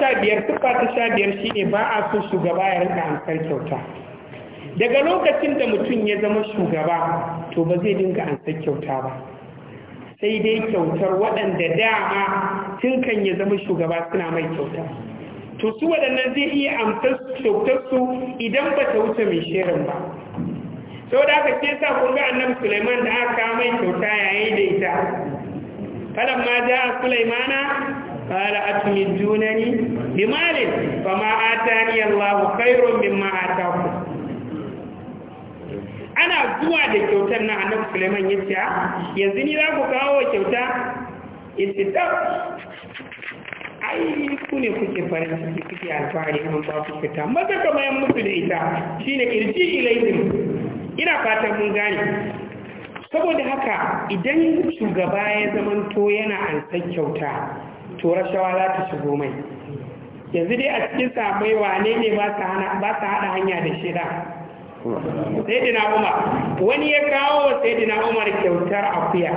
sha biyar tufa ta sha biyar shi ne ba a so shugaba ya rika amsar kyauta daga lokacin da mutum ya zama shugaba to ba zai dinga amsar kyauta ba sai dai kyautar waɗanda dama tun kan ya zama shugaba suna mai kyauta to su waɗannan zai iya amsar kyautar su idan ba ta wuce mai shirin ba sau da aka ce sa kunga ga suleiman da aka mai kyauta yayin da ita kalan ma ja Sulaimana قال أتمدونني بمال فما آتاني الله خير مما آتاكم ana zuwa da kyautar nan annabi Suleiman ya ce yanzu ni za ku kawo kyauta istitab ai ku ne kuke farin ciki kuke alfahari an ba ku fita maza ka bayan musu da ita shine irji ilaihim ina fatan mun gane saboda haka idan shugaba ya zamanto yana ansan kyauta to rashawa za ta shigo mai yanzu dai a cikin samai wane ne ba ta haɗa hanya da shida sai umar wani ya kawo wa sai umar kyautar akuya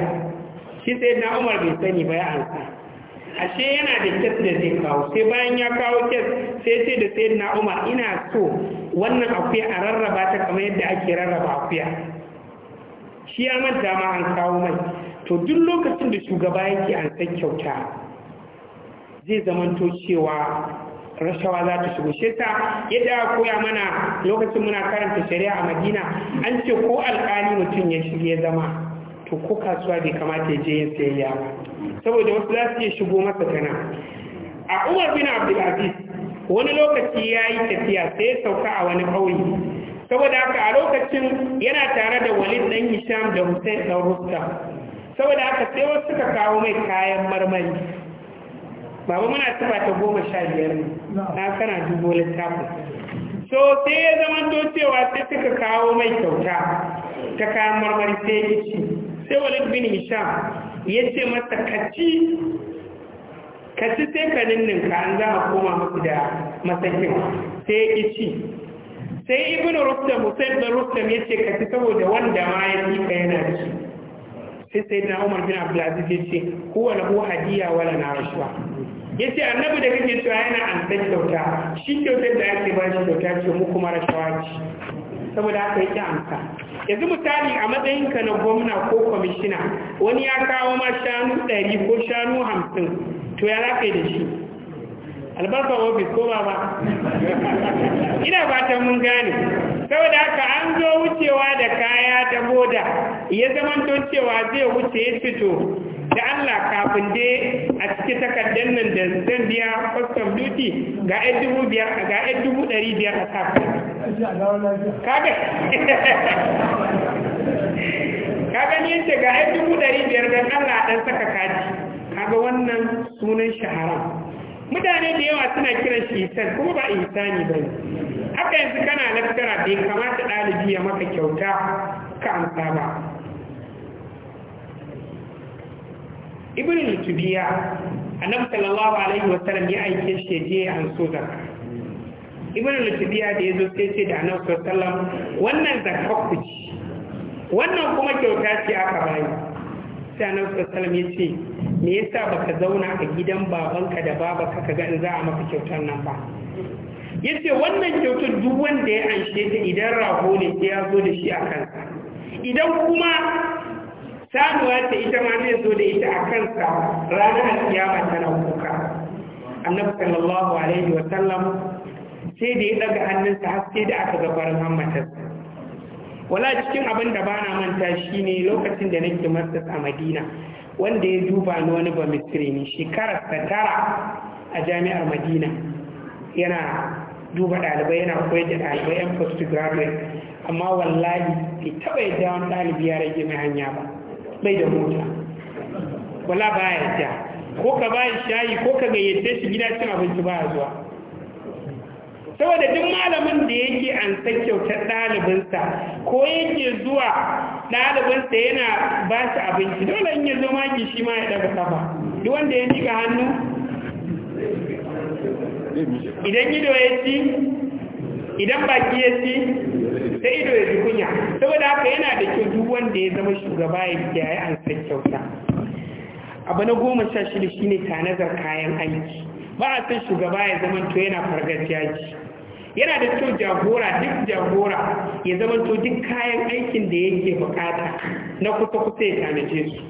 shi sai umar bai sani ba ya ansa ashe yana da kyas da zai kawo sai bayan ya kawo kyas sai ce da sai umar ina so wannan akuya a rarraba ta kamar yadda ake rarraba akuya shi ya manta ma an kawo mai to duk lokacin da shugaba yake an san kyauta zai zamanto cewa rashawa za ta shigo shi ta yadda aka koya mana lokacin muna karanta shari'a a madina an ce ko alƙali mutum ya shige zama to ko kasuwa bai kamata ya je yin sayayya ba saboda wasu za su iya shigo masa tana a umar bin abdulaziz wani lokaci ya yi tafiya sai ya sauka a wani ƙauye saboda haka a lokacin yana tare da walid dan hisham da hussein ɗan rusta saboda haka sai wasu suka kawo mai kayan marmari baba muna tuba ta goma sha biyar ne na kana dubo littafin so sai ya zama to cewa sai suka kawo mai kyauta ta kayan marmari sai ya ci sai wani bin hisham ya ce masa kaci kaci sai ka ninninka an za a koma musu da masakin sai ya ci sai ibn rustam hussein bin rustam ya ce kaci saboda wanda ma ya fi yana da shi sai sai na umar bin abdulaziz ya ce kowa lahu hadiya wala na rashuwa ya ce annabi da kake cewa yana an san kyauta shi kyautar da ake ba shi kyauta ce mu kuma rashawa ce saboda haka yake amsa yanzu misali a matsayin ka na gwamna ko kwamishina wani ya kawo ma shanu ɗari ko shanu hamsin to ya lafe da shi albarka ofis ko ba ina fatan mun gane saboda haka an zo wucewa da kaya ta boda ya to cewa zai wuce ya fito da Allah kafin dai a cikin takardar nan da zan biya custom duty ga ɗan dubu biyar ga ɗan dubu ɗari biyar a kafin kaga kaga ni yace ga ɗan dubu ɗari biyar don Allah ɗan saka kaji kaga wannan sunan shahara mutane da yawa suna kiran shi isan kuma ba ne ba ne haka yanzu kana da ya kamata ɗalibi ya maka kyauta ka amsa ba ibn lutubiya annabi sallallahu alaihi sallam ya aike shi je an so zaka ibn lutubiya da yazo sai ce da annabi sallallahu wannan zakka ku ci wannan kuma kyauta ce aka bayi sai annabi sallallahu ya ce me yasa baka zauna a gidan babanka da babanka ka ga za a maka kyautar nan ba yace wannan kyautar duk wanda ya anshe ta idan rago ne sai ya zo da shi a kansa idan kuma samuwa ta ita ma zai zo da ita a kansa ranar kiyama tana kuka annabi sallallahu alaihi wa sallam sai da ya daga hannunsa har sai da aka ga farin wala cikin abin da bana manta shine lokacin da nake masa a Madina wanda ya duba ni wani ba misiri ne shekarar ta tara a jami'ar madina yana duba ɗalibai yana koyar da ɗalibai yan postgraduate amma wallahi bai taɓa yadda wani ɗalibi ya rage mai hanya ba bai da mota wala ba ya ko ka ba shayi ko ka gayyace shi gida cin abinci ba zuwa saboda duk malamin da yake an san kyautar ɗalibinsa ko yake zuwa ɗalibinsa yana ba shi abinci dole in ya zo ki shi ma ya daga kafa duk wanda ya miƙa hannu idan ido ya ci idan baki ya ci sai ido ya ji kunya saboda haka yana da kyau duk wanda ya zama shugaba ya yi an san kyauta abu na goma sha shida shine tanazar kayan aiki ba a san shugaba ya zama to yana fargajiya ce yana da cikin jagora duk jagora ya zama to duk kayan aikin da yake bukata na kusa kusa ya tanaje su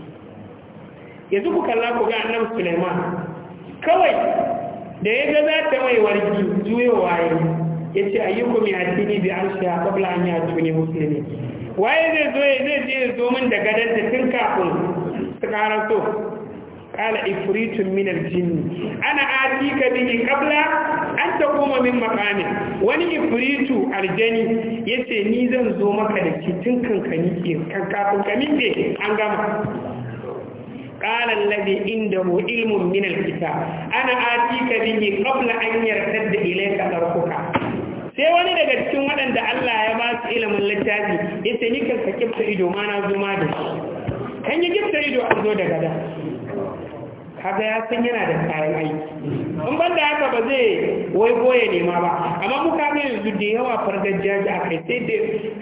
yanzu ku kalla ku ga annabi Sulaiman kawai da ya ga za ta mai warki juyowa ya ce ayyukum ya tini bi arsha qabla an yatuni muslimin waye zai zo zai je zo min da gadan da tun kafin su karanto قال إفريت من الجن أنا آتيك به قبل أن تقوم من min وني إفريت الجن يسي yace زومك zan zo كنيكي da cikin kankani ke قال الذي عنده علم من الكتاب أنا آتيك به قبل أن يرتد إليك طرفك sai wani daga cikin waɗanda Allah ya ba su ilimin littafi ya sai ni kan ka kifta ido ma na zo da shi kan yi kifta ido a zo daga da kaga ya san yana da kayan aiki in ban da haka ba zai wai goye nema ba amma mu kaga yanzu da yawa fargar jaji a kai sai da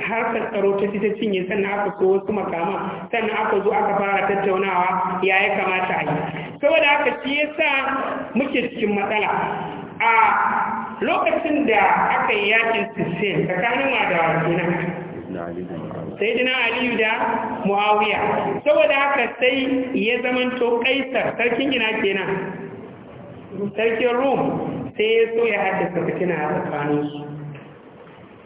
harkar tsaro ta ci ta cinye sannan aka so wasu makama sannan aka zo aka fara tattaunawa ya ya kamata a yi saboda haka shi ya sa muke cikin matsala a lokacin da aka yi yakin sissin tsakanin ma da Sai dina aliyu da muawiya saboda haka sai ya zamanto kaisar sarkin gina kenan sarkin rum sai ya so ya haddasa fitina a tsakaninsu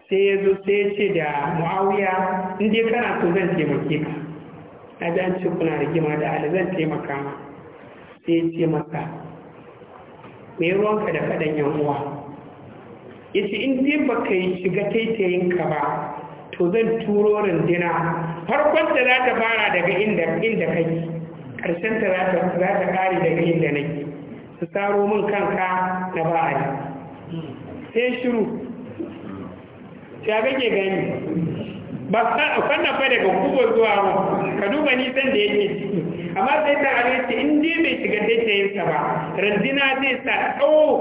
sai ya zo sai ce da muawiya inda kana so zan taimake ka a ji an ce kuna rigima da ala zan taimaka ma sai ya ce maka mai ruwanka da faɗan yan uwa ya ce in dai baka yi shiga taitayinka ba to zan turo rundina farkon ta za ta fara daga inda inda kai karshen ta za ta za ta kare daga inda nake su taro min kanka na ba'ari sai shiru ya kake gani ba fanna fa daga kubo zuwa mu ka duba nisan da yake ciki amma sai ta abinci in je bai shiga ta yinsa ba rundina zai sa tsawo oh!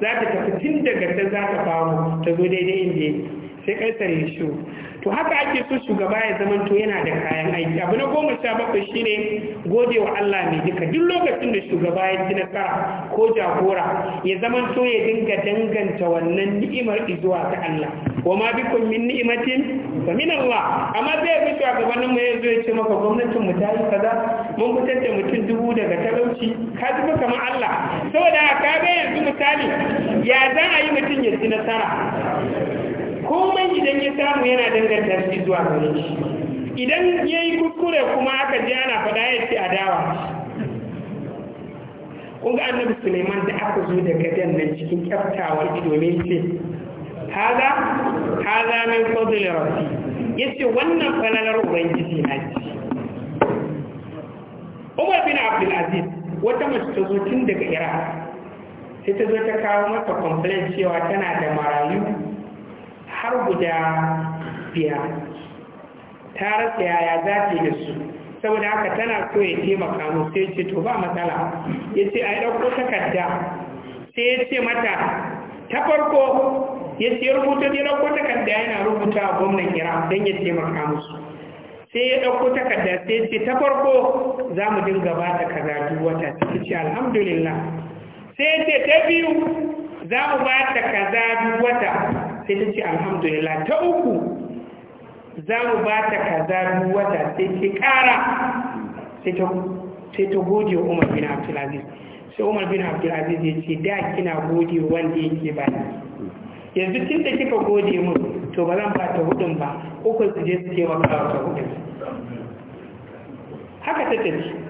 za ta tafi tun daga ta za ta faru ta zo daidai inda yake sai kaisar ya shiru to haka ake so shugaba ya zamanto yana da kayan aiki abu na goma sha bakwai shine gode wa Allah mai duka duk lokacin da shugaba ya ci nasara ko jagora ya zamanto ya dinga danganta wannan ni'imar izuwa ta Allah wa ma bikum min ni'matin fa min Allah amma zai fi shugabannin mu yanzu ya ce maka gwamnatin mu ta yi kaza mun fitar da mutum dubu daga talauci ka ji kamar Allah saboda ka ga yanzu misali ya za a yi mutum ya ci nasara komai idan ya samu yana danganta shi zuwa gare shi idan ya yi kuskure kuma aka ji ana faɗa ya ce adawa kun ga annabi suleiman da aka zo daga dan nan cikin kyaftawar ido ne ce haza haza min fadl rabbi yace wannan falalar ubangiji na ce Umar bin Abdul Aziz wata mace ta zo tun daga Iraq sai ta zo ta kawo masa complaint cewa tana da marayu har guda biya ta rasa yaya za ta yi da su saboda haka tana so ya taimaka mu sai ce to ba matsala ya ce a yi ɗauko takarda sai ya ce mata ta farko ya ce rubuta ya ɗauko takarda yana rubuta a gwamnan Iran don ya taimaka musu sai ya ɗauko takarda sai ya ce ta farko za mu dinga ba ta kaza duk wata ta ce alhamdulillah sai ya ce ta biyu za mu ba ta kaza duk wata sai ta ce alhamdulillah ta uku za mu ba ta kaza wata sai ta ƙara sai ta gode wa umar bin abdulaziz sai umar bin abdulaziz ya ce da kina gode wanda yake ba yanzu tun da kika gode mun to ba zan ba ta hudun ba uku su je su taimaka wa ta hudun haka ta tafi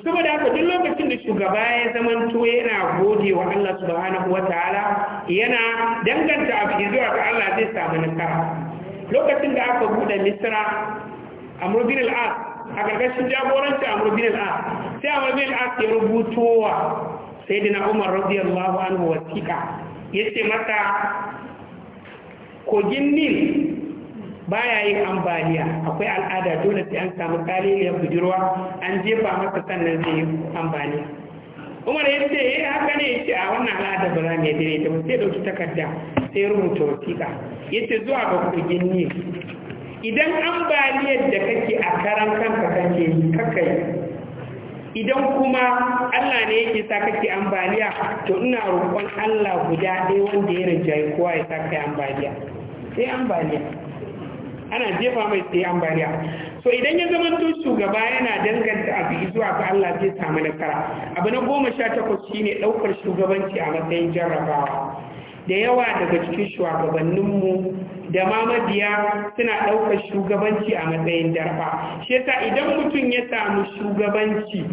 to da haka duk lokacin da shugaba ya zamanto yana gode wa Allah subhanahu ta'ala yana danganta abu zuwa ga Allah zai samu nasara lokacin da aka bude Misra Amr bin al-As a gargashin jagoranci Amr bin al-As sai Amr bin al-As ya wa sayyidina Umar radiyallahu anhu wasiqa yace mata kogin Nil baya yin ambaliya akwai al'ada dole sai an samu kaliliyar budurwa an jefa masa sannan zai yi ambaliya umar ya ce ya eh, haka ne ya ce a wannan al'ada ba za mu yadda ne ta sai dauki takarda sai rubuta wasiƙa ya ce zuwa ga kogin ne idan ambaliyar da kake a karan kanka kake kakai idan kuma Allah ne yake sa kake ambaliya to ina roƙon Allah guda ɗaya wanda ya rinjaye kowa ya sa kai ambaliya sai ambaliya ana jefa mai sai an bariya so idan ya zama to shugaba yana danganta abu zuwa ga Allah zai samu nasara abu na goma sha takwas shine ɗaukar shugabanci a matsayin jarrabawa da yawa daga cikin shugabanninmu da ma suna ɗaukar shugabanci a matsayin jarfa shi yasa idan mutum ya samu shugabanci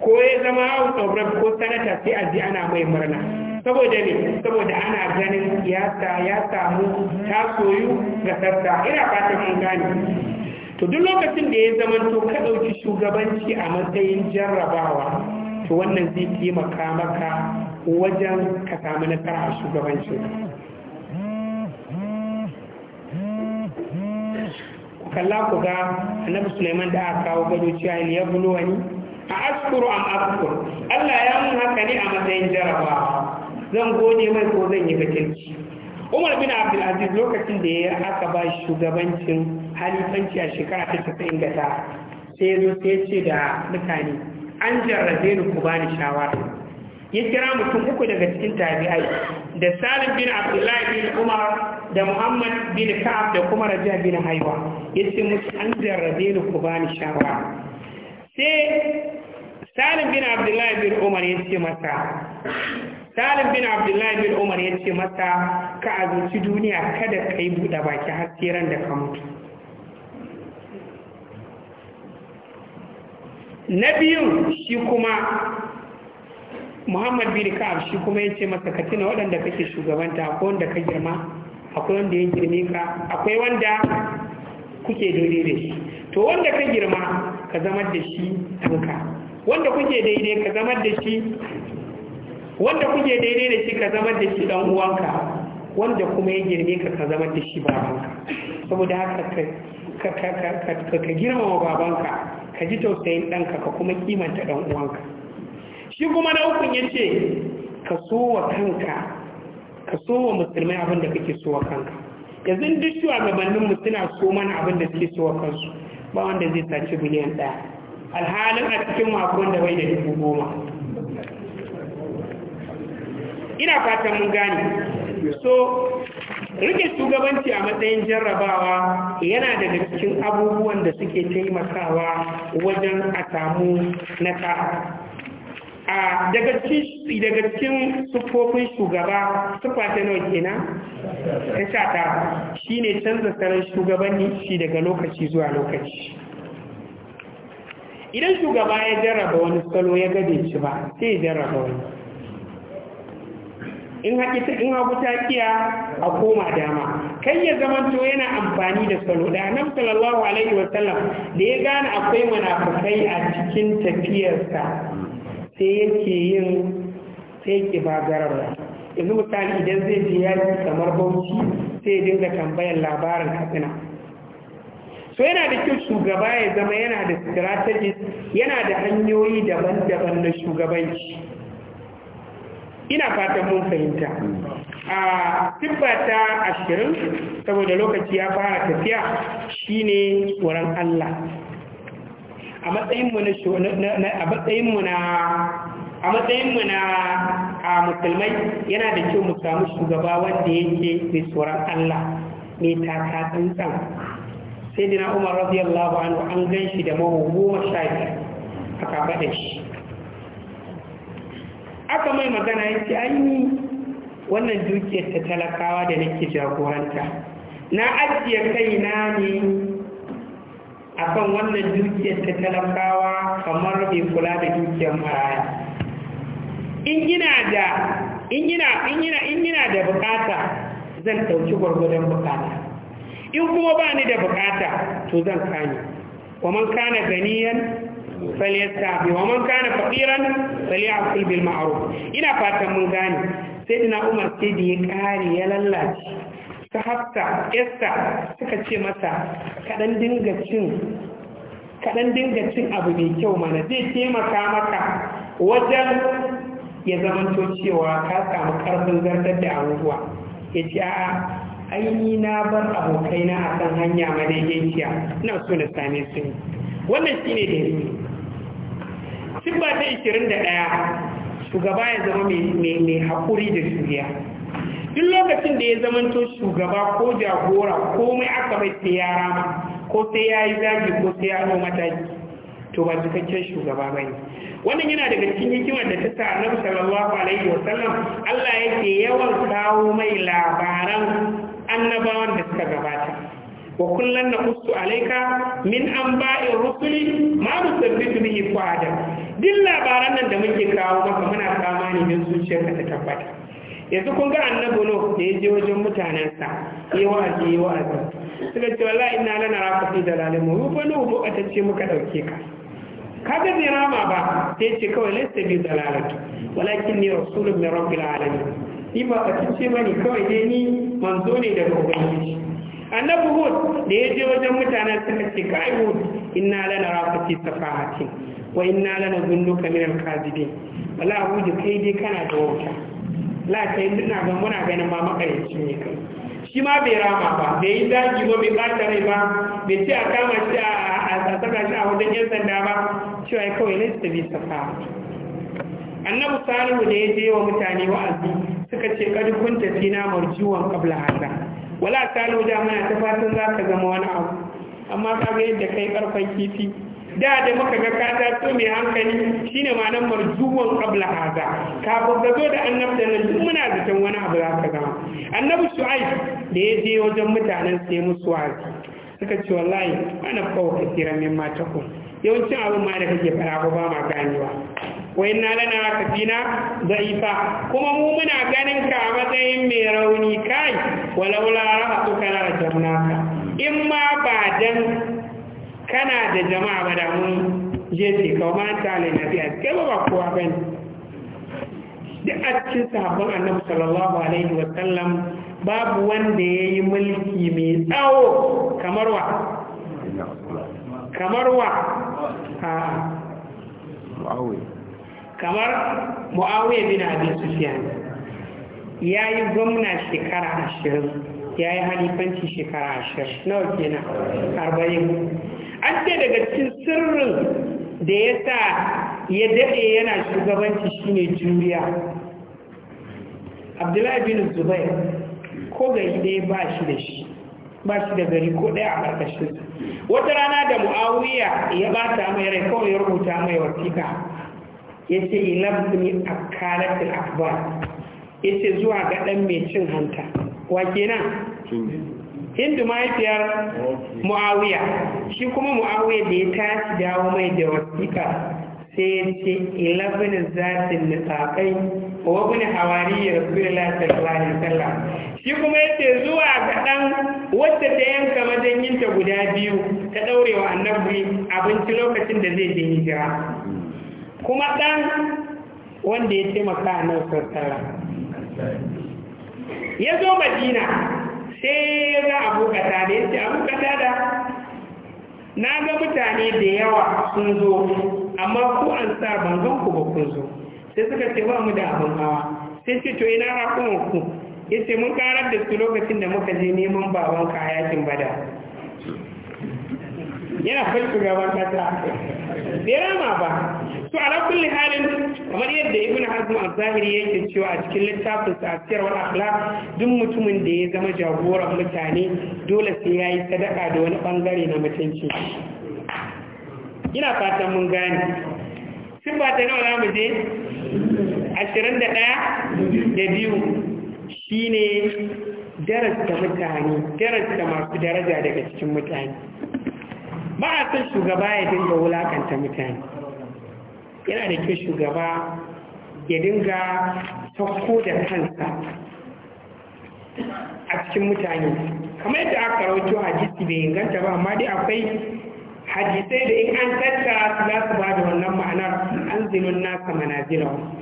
ko ya zama house of ko sanata sai a ji ana mai murna saboda ne saboda ana ganin siyasa ya samu ta soyu ga sassa ina fatan mun gane to duk lokacin da ya zama to ka ɗauki shugabanci a matsayin jarrabawa to wannan zai taimaka maka wajen ka samu nasara a shugabanci kalla ku ga annabi Sulaiman da aka kawo gado cewa ya bulu wani a askuru am askur Allah ya mun haka ne a matsayin jarabawa zan gode mai ko zan yi bakinci umar bin aziz lokacin da ya aka ba shugabancin halifanci a shekara ta tafi da sai zo sai ce da mutane an jarrabe ni ku bani shawara ya kira mutum uku daga cikin tabi'ai da salim bin abdullahi bin umar da muhammad bin ka'ab da kuma raja bin haiwa ya ce musu an jarrabe ni ku bani shawara sai salim bin abdullahi bin umar ya ce masa salim bin abdullahi bin umar ya ce masa ka azuci duniya kada ka yi buɗe baki har tseren da ka mutu na biyu shi kuma muhammad bin ka'ab shi kuma ya ce masa ka tuna waɗanda kake shugabanta akwai wanda ka girma akwai wanda ya girme ka akwai wanda kuke daidai da shi to wanda ka girma ka zama da shi tanka wanda kuke daidai ka zama da shi wanda kuke daidai da shi ka zamar da shi dan uwanka wanda kuma ya girme ka ka zama da shi babanka saboda haka ka ka ka ka ka girmama babanka ka ji tausayin ɗanka ka kuma kimanta ɗan uwanka shi kuma na ukun ya ce ka so wa kanka ka so wa musulmai abin da kake so wa kanka yanzu duk shugabanninmu suna so mana abin da suke so wa kansu ba wanda zai saci biliyan ɗaya alhalin a cikin makon da bai da dubu goma ina fatan mun gane so rike shugabanci a matsayin jarrabawa yana daga cikin abubuwan da suke taimakawa wajen a samu nasara a daga cikin sufofin shugaba sufa ta nawa kenan ta sha ta shine canza salon shugabanni shi daga lokaci zuwa lokaci idan shugaba ya jarraba wani salo ya gade shi ba sai ya jarraba wani in haƙi in hagu ta kiya a koma dama kai ya zamanto yana amfani da salo da nan sallallahu alaihi wa sallam da ya gane akwai munafikai a cikin tafiyarsa sai yake yin sai ba bagarar yanzu misali idan zai je yaji kamar bauchi sai ya dinga tambayar labarin katsina so yana da kyau shugaba ya zama yana da strategies yana da hanyoyi daban-daban na shugabanci ina fatan mun fahimta a tibba ta ashirin saboda lokaci ya fara tafiya shine tsoron Allah a matsayinmu na musulmai yana da kyau mu samu shugaba wanda yake mai tsoron Allah mai taka sayyidina umar radiyallahu anhu an gan shi da mahu goma sha biyu a shi aka mai magana ya ce an yi wannan dukiyar ta talakawa da nake jagoranta na ajiye kaina ne akan wannan dukiyar ta talakawa kamar bai kula da dukiyar maraya in gina da in in in da bukata zan dauki gwargwadon bukata in kuma ba ni da bukata to zan kani. wa man kana ganiyan falyastafi wa man kana faqiran falyakul bil ma'ruf ina fatan mun gane sayyidina Umar sai da ya kare ya lallace ta hafta esta suka ce mata kadan dinga cin kadan dinga cin abu mai kyau mana zai taimaka maka wajen ya zamanto cewa ka samu karfin zartar da abubuwa ya ce a'a aini na bar abokaina a kan hanya madaidaiciya ina so na same su ne wannan shi ne da yi ba ta 21 shugaba ya zama mai haƙuri da juriya duk lokacin da ya zamanto shugaba ko jagora komai aka mai sai ya rama ko sai ya yi zagi ko sai ya hau mataki to ba cikakken shugaba ba ne wannan yana daga cikin hikimar da ta sa annabi sallallahu alaihi wasallam Allah yake yawan kawo mai labaran annabawan da suka gabata wa kullum na ustu alaika min an ba'in rusuli ma mu su bihi fa'ada duk labaran nan da muke kawo maka muna kama ne don zuciyarka ta tabbata yanzu kun ga annabi no da ya je wajen mutanensa ya wa'azi ya wa'azi suka ce wallahi inna lana raqabi da mu fa no ko ka ce muka dauke ka kaga ni rama ba sai ce kawai laysa bi dalalatu walakin ni rasulun min rabbil alamin ni ba a cice mani kawai dai ni manzo ne daga ubangiji annabi hud da ya je wajen mutanen suka ce ka ai hud inna lana rafati safahati wa inna lana zunnuka min al wala hud kai dai kana da wauta la kai ina ga muna ganin ma makarici ne kai shi ma bai rama ba bai yi zagi ba bai bata rai ba bai ce a kama shi a saka shi a wajen yan sanda ba cewa kawai na su bi safahati annabi salihu da ya je wa mutane wa'azi suka ce kun tafi na marjuwan kabla hada wala salihu da muna ta fatan zaka zama wani abu amma kaga yadda kai karfan kifi da da muka ga ka so mai hankali shine nan marjuwan kabla hada ka zo da annabi nan duk muna zaton wani abu za zaka zama annabi shu'aib da ya je wajen mutanen sai musu wa'azi suka ce wallahi ana ka kira min matakum yawancin abin ma da kake fara ko ba ma ganewa wai na lana ka fina da'ifa kuma mu muna ganin ka a matsayin mai rauni kai walaula rahatuka da rajamnaka in ma ba dan kana da jama'a ba da mun je ce kawai ma ta lalafiya kai ba kowa bane da a sahabban annabi sallallahu alaihi wa sallam babu wanda ya yi mulki mai tsawo kamar wa kamar wa kamar mu'awiyar bin abin sufiyan ya yi gwamna shekara ashirin ya yi halifanci shekara ashirin nawa kenan arba'in an ce daga cikin sirrin da ya sa ya daɗe yana shugabanci shine juriya abdullahi bin zubair ko gari ɗaya ba shi da shi ba shi da gari ko ɗaya a ƙarƙashin wata rana da mu'awiya ya ba ta mai rai kawai ya rubuta mai wasiƙa ya ce ilabni a karatun akbar ya ce zuwa ga ɗan mai cin hanta wa kenan hindu mahaifiyar mu'awiya shi kuma mu'awiya da ya tashi dawo mai da wasiƙa sai ya ce ilabin zatin nisaƙai wa wani hawari ya rasu da latin alaihi sallam shi kuma ya ce zuwa ga ɗan wacce ta yanka yin ta guda biyu ta ɗaure wa annabi abinci lokacin da zai je hijira kuma ɗan wanda ya taimaka a nan sassara ya zo madina sai ya ga abu da ya ce da na ga mutane da yawa sun zo amma ku an sa ban gan ku ba kun zo sai suka ce ba mu da abin hawa sai ce to ina raƙuman ku ya ce mun karar da su lokacin da muka je neman baban ka a yakin bada yana falko gaban kasa bai rama ba to ala kulli halin kamar yadda ibn hazm al-zahiri yake cewa a cikin littafin tafsir wal akhlaq duk mutumin da ya zama jagoran mutane dole sai yayi sadaka da wani bangare na mutunci ina fatan mun gane sifa ta nawa za mu je ashirin da ɗaya da biyu shi ne darasta mutane darasta masu daraja daga cikin mutane ba a san shugaba ya dinga wulakanta mutane yana da kyau shugaba ya dinga sauko da kansa a cikin mutane kamar yadda aka a hadisi bai inganta ba amma dai akwai hadisai da in an tattara za su ba da wannan ma'anar an zinun nasa manazilahum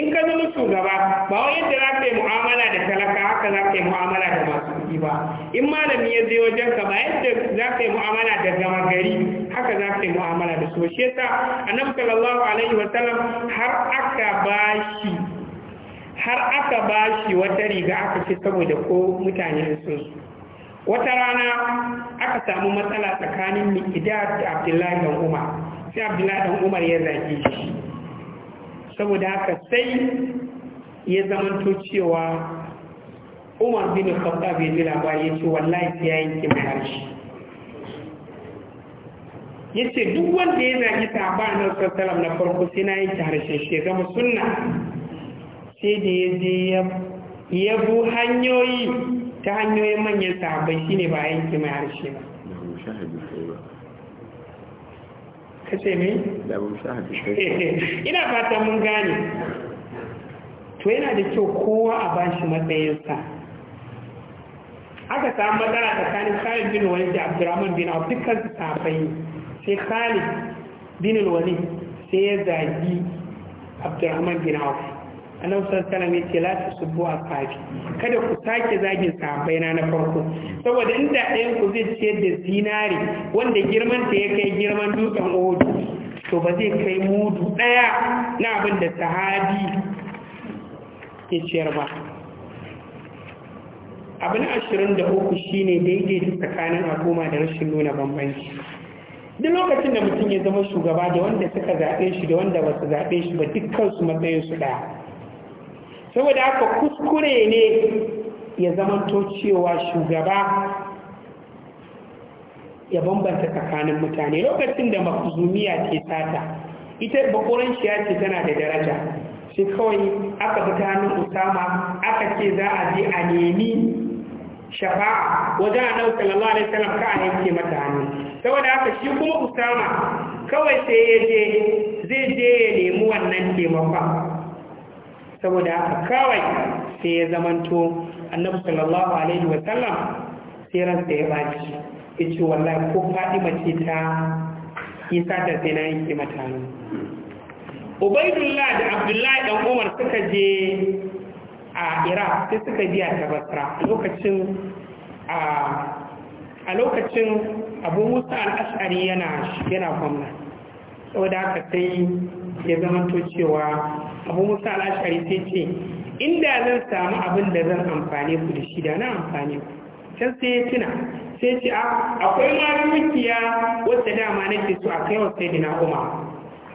in ka zama shugaba ba wani yadda za ka yi mu'amala da talaka haka za ka yi mu'amala da masu kuɗi ba in malami ya je wajen ka ba yadda za ka yi mu'amala da gama gari haka za ka yi mu'amala da su shi yasa annabi sallallahu alaihi wa sallam har aka bashi har aka shi wata riga aka ce saboda ko mutane sun su wata rana aka samu matsala tsakanin mikidar da abdullahi dan umar sai abdullahi dan umar ya zage shi saboda haka sai ya zamanto cewa umar bin khattab ya ji labari ya ce wallahi sai ya yanki mai harshe ya ce duk wanda ya zaki ba a nan sassalam na farko sai na yanki harshen shi ya zama sunna sai da ya je ya bu hanyoyi ta hanyoyin manyan sahabbai shine ba yanki mai harshe ba kace me ina fata mun gane to yana da kyau kowa a bashi matsayinsa aka samu matsala tsakanin Khalid bin Wani da Abdurrahman bin abu dukkan su sahabbai sai Khalid bin Wani, sai ya zagi Abdurrahman bin abu annabi sallallahu alaihi wasallam la tusubbu ashabi kada ku sake zagin sahabbai na na farko saboda inda ɗayan ku zai ciyar da zinari wanda girman ta ya kai girman dutsen Odu, to ba zai kai mudu ɗaya na abin da sahabi ke ciyar ba abin ashirin da uku shine daidaita tsakanin al'umma da rashin nuna bambanci duk lokacin da mutum ya zama shugaba da wanda suka zaɓe shi da wanda ba su zaɓe shi ba dukkan su matsayin su ɗaya saboda haka kuskure ne ya zamanto cewa shugaba ya bambanta tsakanin mutane lokacin da makuzumiya ke sata ita bakoran shi ce tana da daraja shi kawai aka fita hannun usama aka ce za a je a nemi shafa'a wajen a nauka lalwa da ka a yanke mata hannu saboda haka shi kuma usama kawai sai ya je zai je ya nemi wannan taimakon saboda haka kawai sai ya zamanto annabi sallallahu alaihi wa sallam sai ransa ya baci ya ce wallahi ko fadima ce ta isa ta sai na yanke mata ne Ubaydullah da abdullahi dan umar suka je a iraq sai suka biya ta basra lokacin a lokacin abu musa al-Ash'ari yana gwamna saboda da aka sai ya zamanto cewa abu musa al'ashari sai ce inda zan samu abin da zan amfani ku da shida na amfani ku can sai ya tuna sai ce ah, akwai mukiya wadda dama nake so a kai wa sai dina kuma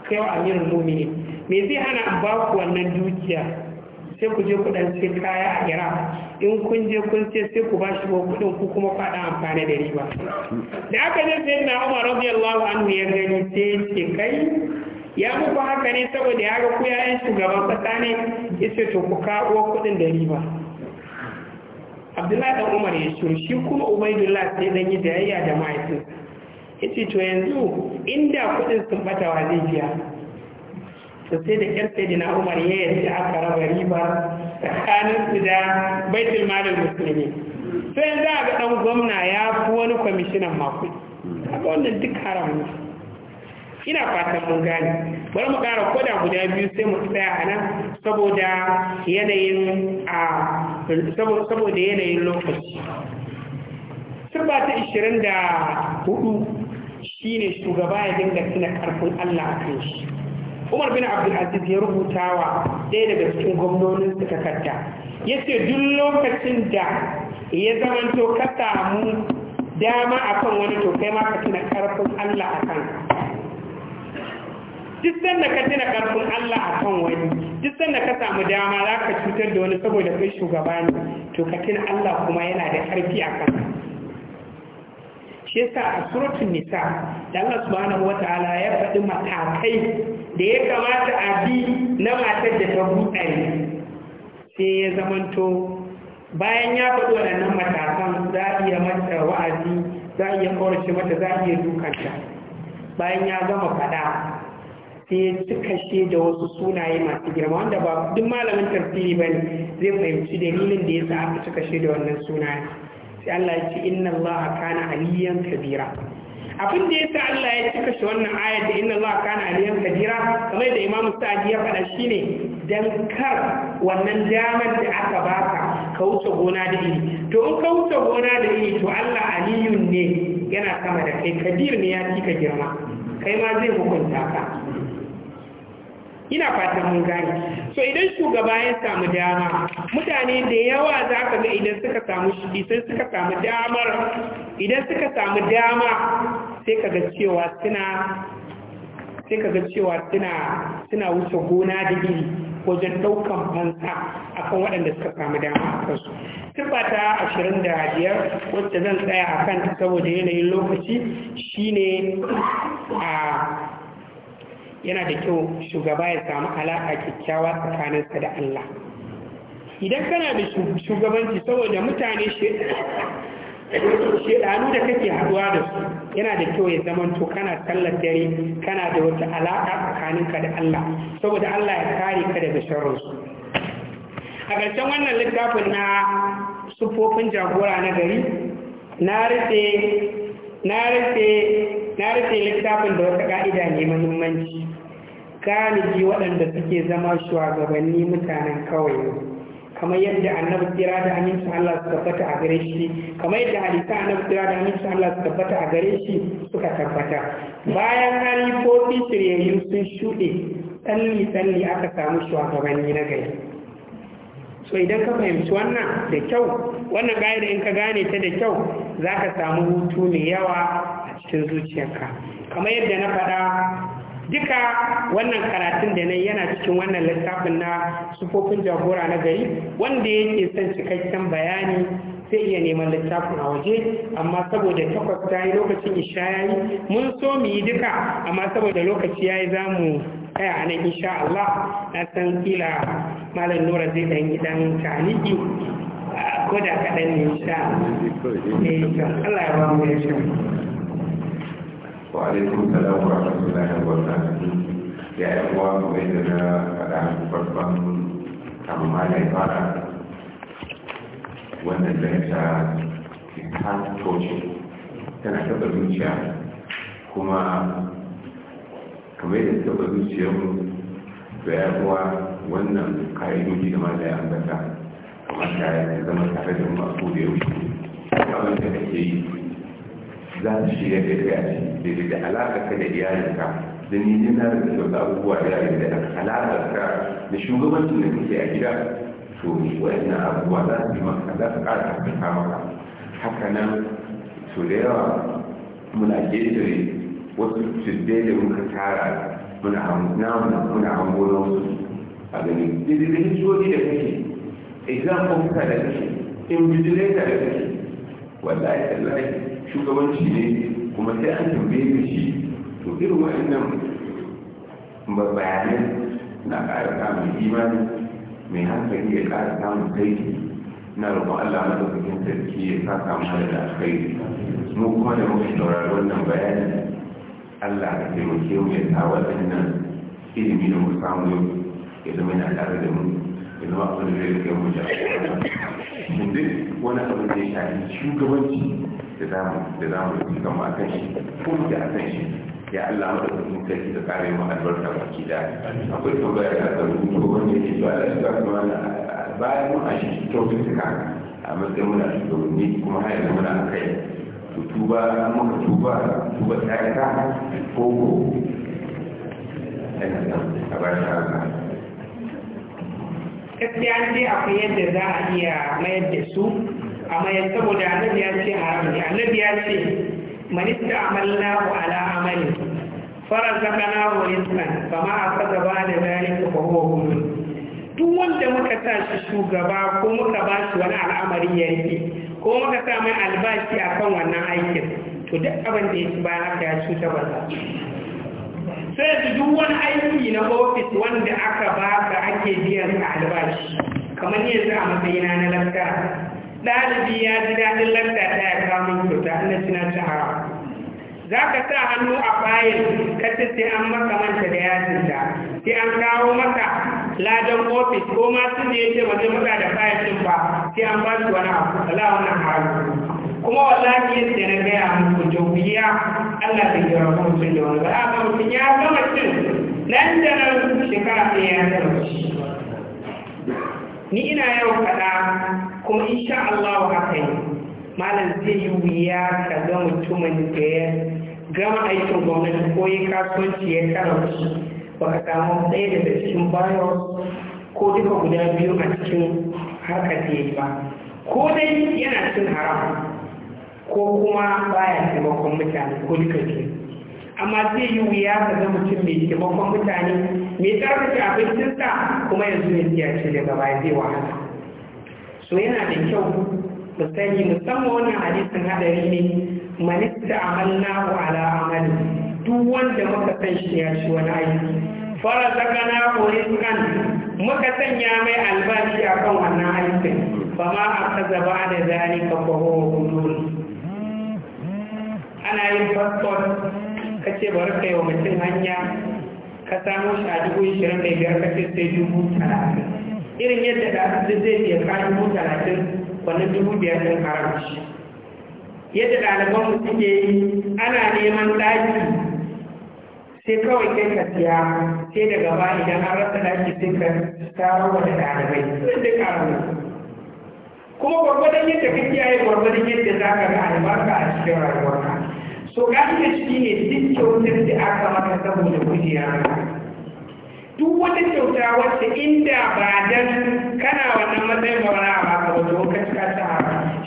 kai wa nomi mumini me zai hana in ba ku wannan dukiya sai ku je ku dan sai kaya a gira in kun je kun ce sai ku ba shi kuɗin ku kuma faɗa amfani da riba da aka je sai na umar radiyallahu anhu ya gani sai ce kai ya muku haka ne saboda ya ga ku yayin shugaban kasa ne yace to ku kawo kuɗin da riba Abdullahi dan Umar ya shiru shi kuma Ubaidullah sai dan yi jayayya da mahaifinsa yace to yanzu inda kuɗin sun bata wa zai biya to sai da ƴar sai na Umar ya yarda aka raba riba tsakanin su da baitul malul musulmi sai yanzu a ga dan gwamna ya fi wani kwamishinan makudi kaga wannan duk haram ne ina fatan mun gane bari mu ƙara koda guda biyu sai mu tsaya a nan saboda yanayin a saboda yanayin lokaci sirba ta 24 ne shugaba ya dinga tuna karfin Allah a kan shi Umar bin Abdulaziz ya rubuta wa ɗaya daga cikin gwamnonin suka ya ce duk lokacin da ya zamanto ka samu dama akan wani to kai ma ka tuna karfin Allah a kan. duk sanda ka tina karfin Allah a kan wani duk sanda ka samu dama za ka cutar da wani saboda kai shugaba ne to ka tuna Allah kuma yana da karfi a kan shi yasa a suratul nisa da Allah subhanahu wataala ya faɗi matakai da ya kamata a bi na matar da ta buɗe sai ya zamanto bayan ya faɗi waɗannan matakan za a iya mata wa'azi za a iya kawarce mata za iya dukanta bayan ya zama faɗa sai suka she da wasu sunaye masu girma wanda ba duk malamin tafsiri ba ne zai fahimci dalilin da sa aka suka she da wannan sunaye sai Allah ya ce inna Allah kana aliyan kabira abin da yasa Allah ya cika shi wannan ayar da inna Allah kana aliyan kabira kamar da Imam Sa'di ya faɗa shine dan kar wannan damar da aka baka ka wuce gona da iri to in ka wuce gona da iri to Allah aliyun ne yana sama da kai kabir ne ya cika girma kai ma zai hukunta ka ina fatan mun gane so idan shugaba ya samu dama mutane da yawa za ka ga idan suka samu shi sai suka samu damar idan suka samu dama sai ka ga cewa suna sai ka ga cewa suna suna wuce gona da iri wajen ɗaukan fansa kan waɗanda suka samu dama a kansu ta ashirin da biyar wacce zan tsaya a kan saboda yanayin lokaci shine a yana da kyau shugaba ya samu alaƙa kyakkyawa tsakaninsa da Allah idan kana da shugabanci saboda mutane shedanu da kake haɗuwa da su yana da kyau ya zama to kana sallar dare kana da wata alaka tsakaninka da Allah saboda Allah ya kare ka daga sharrin su a ƙarshen wannan littafin na sufofin jagora na gari na rufe littafin da wata ƙa'ida ne mahimmanci galibi waɗanda suke zama shugabanni mutanen kawai kamar yadda annabi kira da amincin Allah su tabbata a gare shi kamar yadda hadisa annabi kira da amincin Allah su tabbata a gare shi suka tabbata bayan halifofi shiryayyu sun shuɗe tsalli tsalli aka samu shugabanni na gari so idan ka fahimci wannan da kyau wannan da in ka gane ta da kyau za ka samu hutu mai yawa a cikin zuciyarka kamar yadda na faɗa duka wannan karatun da na yana cikin wannan littafin na sufofin jagora na gari wanda yake son cikakken bayani sai iya neman littafin a waje amma saboda takwas ta yi lokacin isha ya yi mun so mu yi duka amma saboda lokaci ya yi za mu kaya a nan insha Allah na san kila malam nura zai dan yi dan taliki ko da kaɗan ne insha Allah eh, ya ba mu ya wa alaikum salam wa rahmatullahi wa barakatuh ya yan uwa mu da na faɗa babban amma da fara wannan lanta ta toce tana taɓa zuciya kuma kamar yadda taɓa zuciyarmu da ya kuwa wannan ka'idoji da mata ya ambata kamar ta ya zama tare da masu da ya wuce abin da kake yi za su shirya da ya bai da alaƙa ka da iyalinka da ni ne na da wasu abubuwa da yayin da alaƙa ka da shugabancin da kake a gida to wa'annan abubuwa za su yi maka za su ƙara haɓaka maka haka nan to da yawa muna ƙetare wasu tuddai da muka tara muna hango na wasu a gani diddigin jodi da kake exam officer da kake invigilator da kake wallahi tallahi shugabanci ne kuma sai an tambaye ka shi to irin wa'annan bayanai na ƙara samun imani mai hankali ya ƙara samun kai, na roƙon Allah na madaukakin sarki ya sa samu da kai. mu kuma da muka saurari wannan bayani Allah ya taimake mu ya sa waɗannan ilimi da mu samu ya zama yana tare da mu ya zama abin da zai rike mu da shi duk wani abin da ya shafi shugabanci da zamu da zamu kan shi ko da akan shi ya Allah mu da mu albarka baki da akwai tambaya da wanda kuma bayan a shi a matsayin muna kuma har yanzu muna to tuba tuba tuba ko ko a gaskiya akwai yadda za a iya mayar da su amma yanzu saboda annabi ya ce haram ne annabi ya ce man ista'malnahu ala amali farazaqnahu kana fama akaza ba da zalika ba huwa kufur duk wanda muka sa shi shugaba ko muka ba shi wani al'amari ya rike ko muka sa mai albashi kan wannan aikin to duk abin da ya ci bayan haka ya cuta ba sai da duk wani aiki na ofis wanda aka ka ake biyan albashi kamar yanzu a matsayina na lantarki ɗalibi ya ji daɗin lanta ta ya kawo kyauta Allah shi na ci haram za ka sa hannu a fayil ka ce sai an maka manta da ta sai an kawo maka ladan ofis ko ma su ne yake waje maka da fayil ɗin ba sai an ba su wani abu Allah wannan haru kuma wallahi yadda na gaya muku jawiya Allah bai gira ko mutum da wani ba a ga mutum ya gama cin nan da nan shekara ɗaya ya ci ni ina yau faɗa kuma insha Allah haka yi malam zai yi wuya ka ga mutumin da ya gama aikin gwamnati ko ya kasuwanci ya karanci ba ka samu ɗaya daga cikin bayan ko duka guda biyu a cikin harkar da ya ba ko dai yana cin haram ko kuma baya taimakon mutane ko duka ke, amma zai yi wuya ka ga mutum mai taimakon mutane mai abincin abincinsa kuma yanzu ya ce daga baya zai wahala so yana da kyau mu sani musamman wannan hadisin hadari ne manista amalna wa ala amali duk wanda muka san shi ya ci wani aiki fara na ko kan muka sanya mai albashi akan wannan aikin ba ma a akaza ba da ka fa huwa hudud ana yin passport ce bari kai wa mutum hanya ka samu shi a dubu ishirin da biyar kace sai dubu talatin irin yadda da asibiti zai iya kayan mu talatin wani dubu biyar ɗin haramci yadda ɗalibanmu suke yi ana neman ɗaki sai kawai kai ka siya sai daga ba idan an rasa ɗaki sai ka taro wani ɗalibai sun da ƙaramu kuma gwargwadon yadda ka kiyaye gwargwadon yadda za ka ga albarka a cikin rayuwarka so ƙa'idar shi ne duk kyautar da aka maka saboda kujera duk wata kyauta wacce inda ba dan kana wannan matsayin ba wani ba ka wato ka ci kasa ba.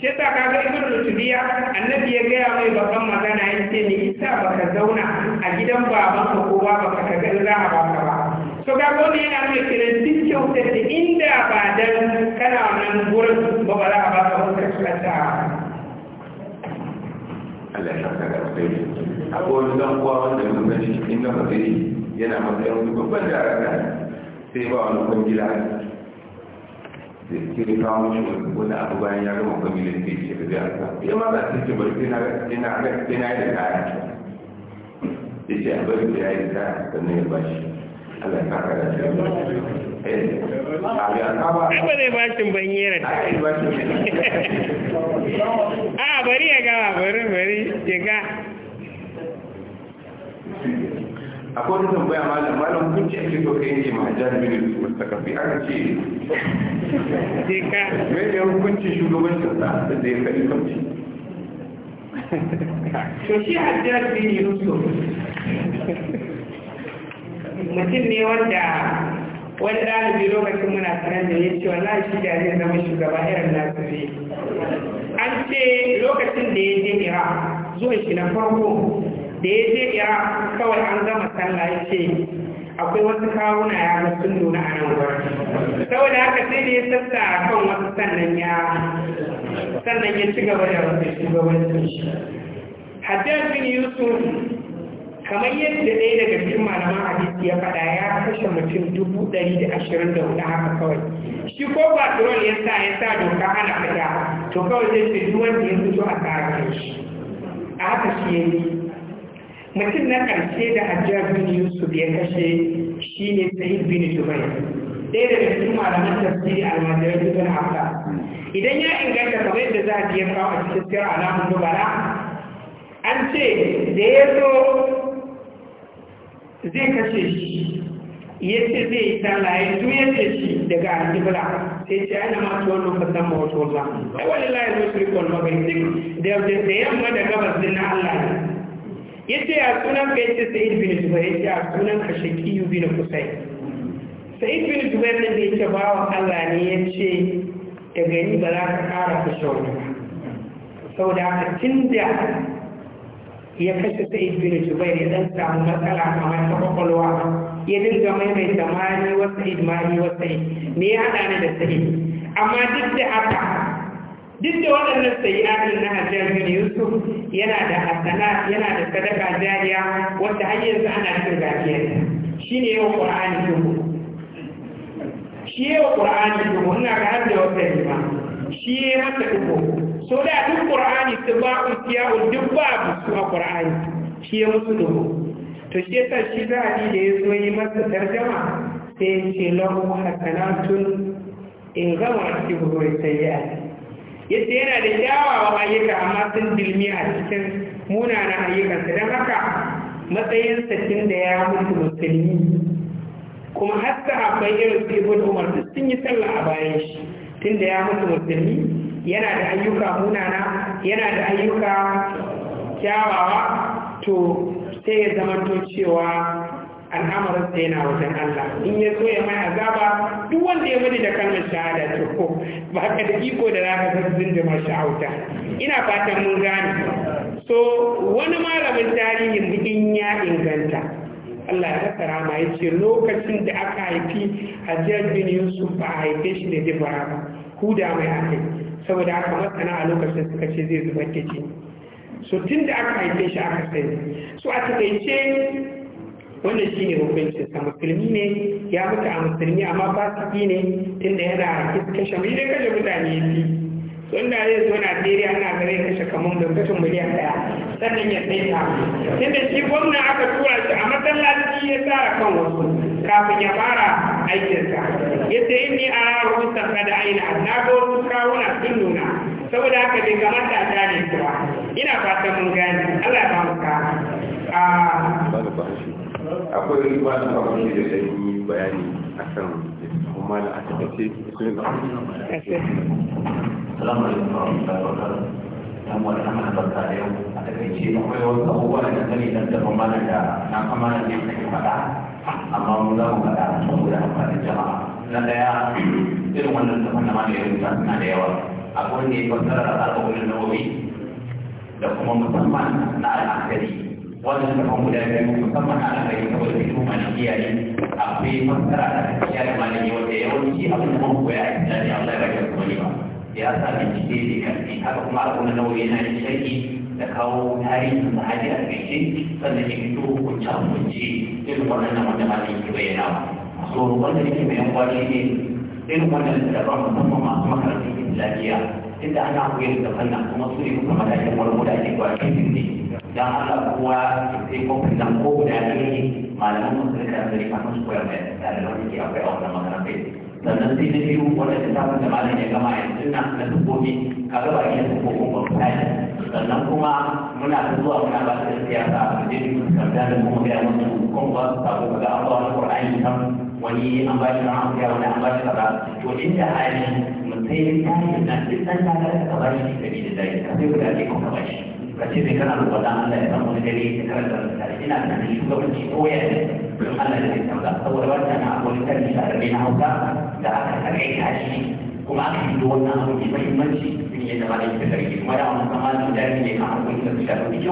shi yasa ka ga ibn rutubiya annabi ya gaya mai babban magana ya ce ne isa baka zauna a gidan baban ka ko ba baka ka ga za a baka ba to ga ne yana nuna kiran duk kyauta da inda ba dan kana wannan gurin ba ba za a baka ba ka cika ta Allah ya shafa ga kai. Akwai wani dan kowa wanda mun in inda ba zai yana matsayin wani babban daraka sai ba wani kwangila da ke kawo shi wani abu bayan ya gama kwangila da ke ce da zai haka ya ma za su ce bari sai na ga yana da kaya ya ce a bari da ya yi kaya sannan ya bashi Allah ya kaka da shi eh, Aba zai bashin banyera ta. A bari ya gawa bari bari ya ga. akwai wani tambaya malam malam kun ce ake so ka yanke ma hajjar wasu mustakafi aka ce mai da hukuncin shugabancin sa da ya faɗi kamci to shi hajjar mini yusuf mutum ne wanda wani ɗalibi lokacin muna sanar da ya ce wallahi shi da zai zama shugaba irin na ne an ce lokacin da ya je iraq zuwa shi na farko da ya je ya kawai an gama sallah ya ce akwai wasu kawuna ya ga sun nuna a nan Sau da haka sai da ya sassa a kan wasu sannan ya sannan ya ci gaba da wasu shugabancin shi hajjar bin yusuf kamar yadda ɗaya daga cikin malaman hadisi ya faɗa ya kashe mutum dubu ɗari da ashirin da hudu haka kawai shi ko turon ya sa ya sa doka hana fita to kawai zai ce duk wanda ya fito a tsarin shi a haka shi ya yi mutum na ƙarshe da hajjar yusuf ya kashe shi ne sahib bin jubai ɗaya daga cikin malaman tafsiri almajirai ibn haka idan ya inganta kamar yadda za a biya ya kawo a cikin siyar alamun dubara an ce da ya zo zai kashe shi ya ce zai yi sallah ya ce shi daga alƙibla sai ce ana masu wani lokacin ma wata wata ai wani layar musulmi kwan magani da yamma da gabas din na allah ne yace a sunan ka yace sa'id bin jubair yace a sunan ka shaqiyu bin Kusai sa'id bin jubair ne da yace bawa Allah ne yace da gani ba za ka kara ku ba saboda haka tunda ya kashe sa'id bin jubair ya dan samu matsala kamar ta kwakwalwa ya dinga maimaita mani wa sa'id mani wa sa'id ne ya hada ni da sa'id amma duk da haka duk da waɗannan sayi'atin na hajjar bin yusuf yana da hasana yana da sadaka jariya wanda hanyar yanzu ana cin gajiyarta shi ne yau ƙur'ani tuhu shi yau ƙur'ani tuhu ina ga har da wata rima shi ya mata tuhu so da duk ƙur'ani su ba kusiya a duk ba a su a ƙur'ani shi ya musu tuhu to shi yasa shi za a da ya zo yi masa tarjama sai ya ce lahu hasanatun in gama cikin gudun sayi'atin yadda yana da kyawawan ayyuka amma sun dilmi a cikin munanan ayyukansa don haka matsayin sakin da ya mutu musulmi kuma har akwai irin su ibn umar duk sun yi sallah a bayan shi tun da ya mutu musulmi yana da ayyuka munana yana da ayyuka kyawawa to sai ya zamanto cewa al'amarin sa yana wajen Allah in ya so ya mai azaba duk wanda ya mutu da kalmar shahada to ko ba ka da iko da za ka san da ma sha'auta. ina fatan mun gane so wani malamin tarihin in ya inganta Allah ya tsara rama ya ce lokacin da aka haifi Hajjaj bin Yusuf ba a haife shi da dibara ba huda mai aka saboda aka masana a lokacin suka ce zai zubar da jini so tun da aka haife shi aka sai so a takaice wannan ne hukuncin sa musulmi ne ya mutu a musulmi amma fasiki ne tunda yana kashe mai da kashe mutane fi wanda zai zo Najeriya ana gare kashe kamar da kashe miliyan daya sannan ya sai ta tunda shi gwamna aka tura shi a masallaci ya tsara kan wasu kafin ya fara aikinsa ya ce ni a rawar ka da aina na ga wasu kawuna sun nuna saboda haka bai da ta ne kuwa ina fatan mun gane Allah ya ba mu ka akwai riba da kamar da da yi bayani a kan kuma da aka tace su ne salamu alaikum wa rahmatullahi dan wani an haka barka da yau a takaice akwai wasu abubuwa da sani dan da kuma da na kama da ne kake faɗa amma mun za mu faɗa saboda amfanin jama'a na daya irin wannan tafan da mana irin ta suna da yawa akwai ne fasarar alƙawarin nawawi da kuma musamman na al'akari wannan kamar guda biyu musamman a kai saboda fito malikiya ne akwai masara da tafiya da malami wanda yawanci abin da mun koya a cikin ne Allah ya rage su ne ba ya sa bincike ne karfi haka kuma a kuma nauyi na yin shaki da kawo tarihin sahabi a gaishe sannan ya fito hukunci hukunci irin wannan wanda malami ke bayyana so wanda yake mai yan kwashi ne irin wannan da ba musamman masu makarantar lafiya inda ana koyar da fannin kuma su ne kuma matakin warko da ake kwashi ne dan Allah kuwa sai kofin nan ko guda ne malaman musulun kan zai kafin su koyar da ɗaliban da ke akwai a wannan makarantar sannan sai na biyu wanda ta samu da malam ya gama yanzu na na dubbobi ka ga bakin dubbobin ba kuɗa ne sannan kuma muna ta zuwa muna ba da siyasa a je mu karanta da kuma ga musu kun ba su sabo ga an ba wani Qur'ani kan wani an ba shi ran wani an ba shi kaza to inda hali mun sai ta yi nan duk dan ta ga ka ba shi da bi da dai sai guda ne ko ka ba shi ka ce mai kana roƙon dan Allah ya san wani dare ina ko na da aka yi da ita kuma da wani kama da jari ne kan abu da yi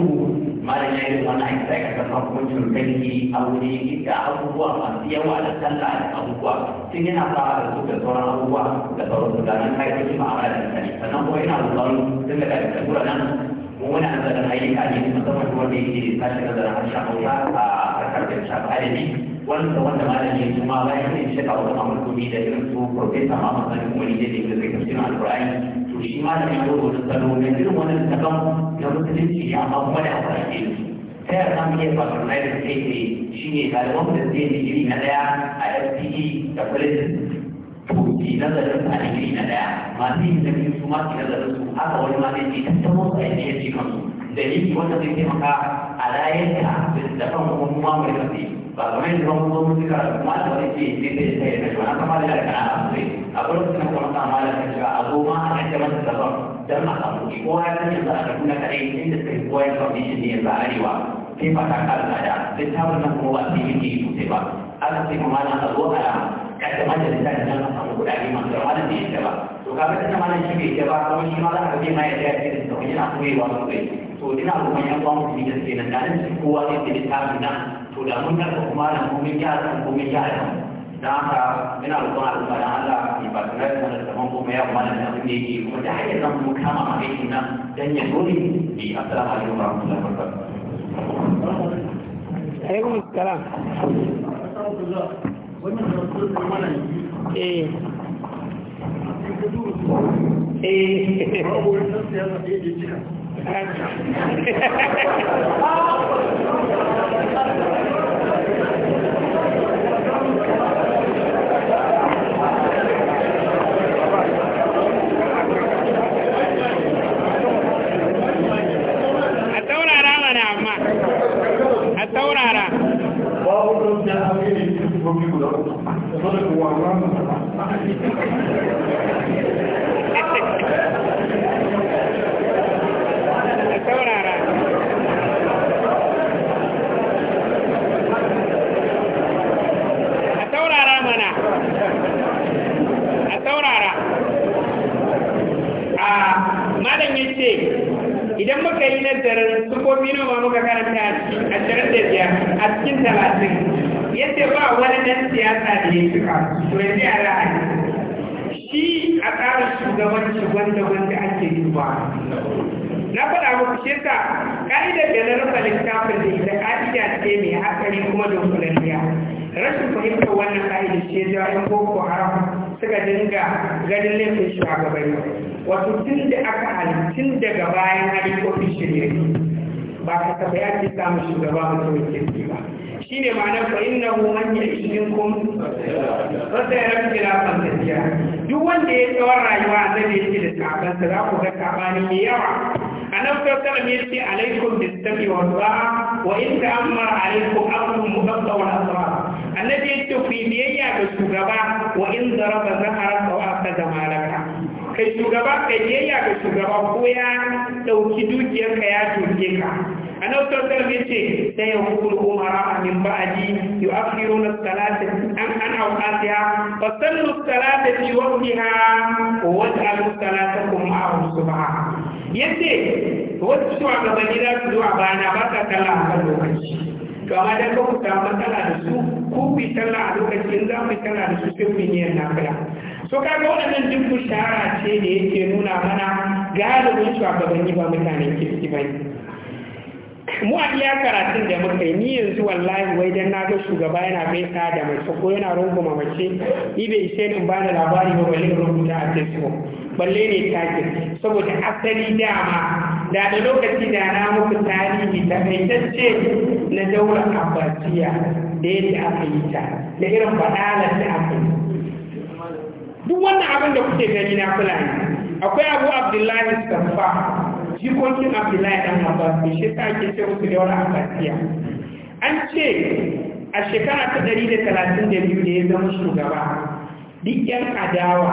a wuri da yana fara da su da a ranar sannan kuma kuma wani nazarin ayyuka ne musamman wanda yake tashi nazarin harshen hausa a karkar shafi adadi wanda wanda malami kuma bayan sai shaka wata mamurkumi da irin su profesa mamman sanin kuma ne da zai tafsirin alkur'ani to shi malami ya rubuta salo na irin wannan takan na musulunci ne amma kuma da hausa ake da su ta yaya zamu iya patronizing kai ne shi ne ɗaliban da zai iri na ɗaya a fte da kwalejin tuki nazarin alheri na daya masu yin da biyu su masu nazarin su haka wani ma zai ce tattamo su a yanzu ya kansu dalili wanda zai taimaka a layarka da kan kuma kuma mai kafi ba kamar yadda ban kuma mun suka kuma da wani ce zai zai sai da kashi kama da daga na abu zai a gurin suna kuma sa ma da kashi a goma a kan jama'a da Dan a samu shi kowa ya san yanzu a kaduna kaɗai inda sai kowa ya samu shi ne yanzu a arewa sai ba ta kara tsada littafin nan kuma ba sai yake sosai ba aka sai kuma na a zo a ya kamata da tashi nan a samu kuɗaɗe ma yawa da bai yadda ba to ka ga tana malam shi bai ba kuma shi ma za ka bai ma yadda ya da kuma yana koyewa su kai to ina kuma yan uwan da suke nan da nan kowa ne da littafin nan to da mun karɓa kuma nan kuma yaran komin yaran da haka ina roƙon al'umma da Allah ya ba su rai da zaman kuma ya kuma da abin da kuma da hanyar zan mu kama a aikin nan dan ya dole bi assalamu alaikum wa rahmatullahi wa barakatuh. Alaikum eh eh hikimomi guda uku da zo da kowa ruwa malam idan muka yi nazarin sufofi nawa muka karanta cikin a cikin talatin ba wani dan siyasa da ya cika to yanzu a ra'ayi shi a tsarin shugabanci wanda wanda ake duba na faɗa muku shi yasa ka'idar da na rufe littafin da ita ka'ida ce mai hatsari kuma da kulalliya rashin fahimtar wannan ka'ida ce ya ji boko haram suka dinga ganin laifin shugabanni wato tun da aka halittun daga bayan ofishin shirye ba ka taɓa yaki samun shugaba mutumin kirki ba shi ne ma'anar fa inna hu man yashi minkum fa sayara khilafan kathira duk wanda ya tsawon rayuwa a annabi yake da sahabban za ku ga sabani mai yawa annabi sallallahu alaihi wasallam alaikun da bis-sami wa ta'a wa in ta'ammara alaikum amrun muqadda wa asra annabi yace ku biyayya ga shugaba wa in daraba rasa wa akaza malaka kai shugaba kai biyayya ga shugaba ko ya dauki dukiyarka ya toke ka ta sallallahu yace sai ya hukul umara min ba'di yu'akhiruna as-salata an an awqatiha fa sallu as-salata fi waqtiha wa waj'alu salatakum ma'a subha yace wasu shugabanni za su zuwa bana ba ta kalla a kan lokaci to amma dan ka kuka matsala da su ku bi sallah a lokacin za mu sallah da su sai ku yi niyyar nafila so ga waɗannan duk shahara ce da yake nuna mana ga galibin shugabanni ba mutanen kirki bane mu a iya karatun da muka yi ni yanzu wallahi wai dan na ga shugaba yana gaisa da mace ko yana ma mace ni bai sai in ba da labari ba balle rubuta a facebook balle ne take saboda asali dama da da lokaci da na muku tarihi ta kaitacce na daura abbasiya da yadda aka yi ta da irin fadalar da aka yi duk wannan abin da kuke gani na fulani akwai abu abdullahi safa jikokin abdullahi dan abbas ne shekara ta ke ce wasu da wani abbasiya an ce a shekara ta ɗari da talatin da biyu da ya zama shugaba duk yan adawa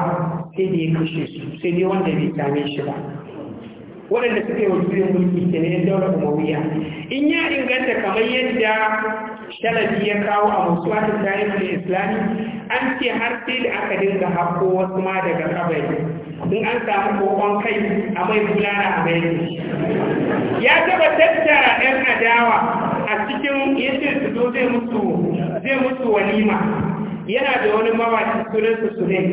sai da ya kashe su sai dai wanda bai same shi ba waɗanda suka yi wa juyin mulki ke ne kuma wuya. in ya inganta kamar yadda shalabi ya kawo a musuwatin tarihin islami an ce har sai da aka dinga hako wasu ma daga kabari in an samu kokon kai a mai bulala a mai ya taba tattara 'yan adawa a cikin yace su zo zai mutu zai mutu walima yana da wani mawaki sunansa sunai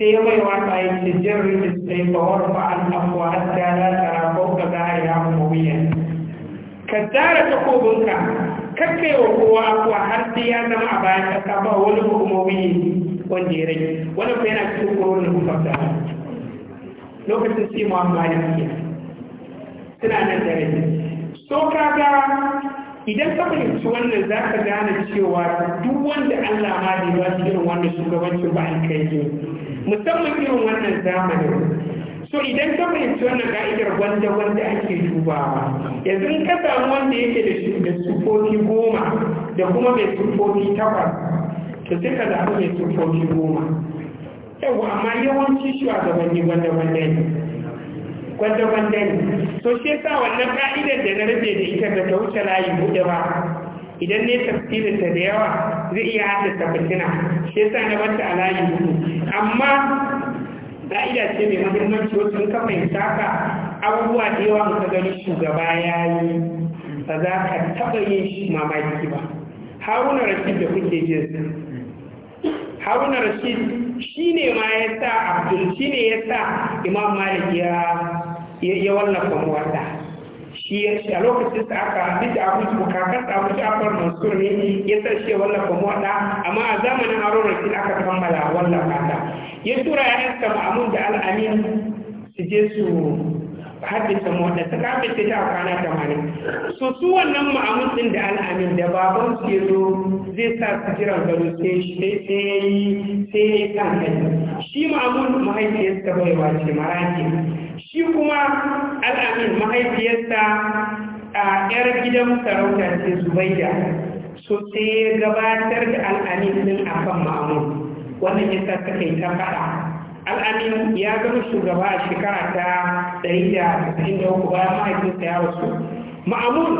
sai ya mai wata yi ce jirgin da su ɗai bawar ba an afuwa hatta ya tara ko ka yi mu mawuyan ka zara takobinka kakkai wa kowa afuwa har sai ya zama a bayan kasa ba wani hukumomi wanda ya rage wani kuma yana cikin koronin hukumta lokacin sai mu amma ya ke suna nan da rage so kaga idan ka fahimci wannan za ka gane cewa duk wanda Allah ma bai ba su irin wannan shugabancin ba alkai musamman irin wannan zamanin so idan ka fahimci wannan ka'idar wanda wanda ake dubawa yanzu in ka samu wanda yake da shi sufofi goma da kuma mai sufofi takwas to sai ka zaɓi mai sufofi goma yau amma yawanci shugabanni wanda wanda ne wanda wanda ne so shi yasa wannan ka'idar da na rabe da ita da ta wuce layi buɗe ba idan ne tafsirinta da yawa zai iya haɗa fitina shi yasa na bata a layi buɗe amma ka'ida ce mai mahimmanci wasu ka fahimta ka abubuwa da yawa ka gani shugaba ya yi ba za ka taɓa yin shi mamaki ba haruna rashid da kuke jin haruna rashid shi ne ma ya sa abdul shi ne ya sa imam malik ya wallafa muwadda shi ya ce a lokacin da aka bukakar da abinci a afar mansur ne ya san wallafa muwaɗa amma a zamanin aron rafi aka kammala wallafa ta ya tura ya'yansa ma'amun da al'amin su je su haddace muwaɗa ta kafin ta a kwana tamanin so su wannan ma'amun ɗin da al'amin da baban su ya zo zai sa su jiran gado sai sai yi kan shi ma'amun mahaifiyarsa baiwa ce maraki shi kuma ta a yar gidan sarauta ce zubaida so sai gabatar da al'amin din a kan ma'amun wannan yasa ta kai ta faɗa al'amin ya zama shugaba a shekara ta ɗari da 193 bayan mahaifinsa ya su. ma'amun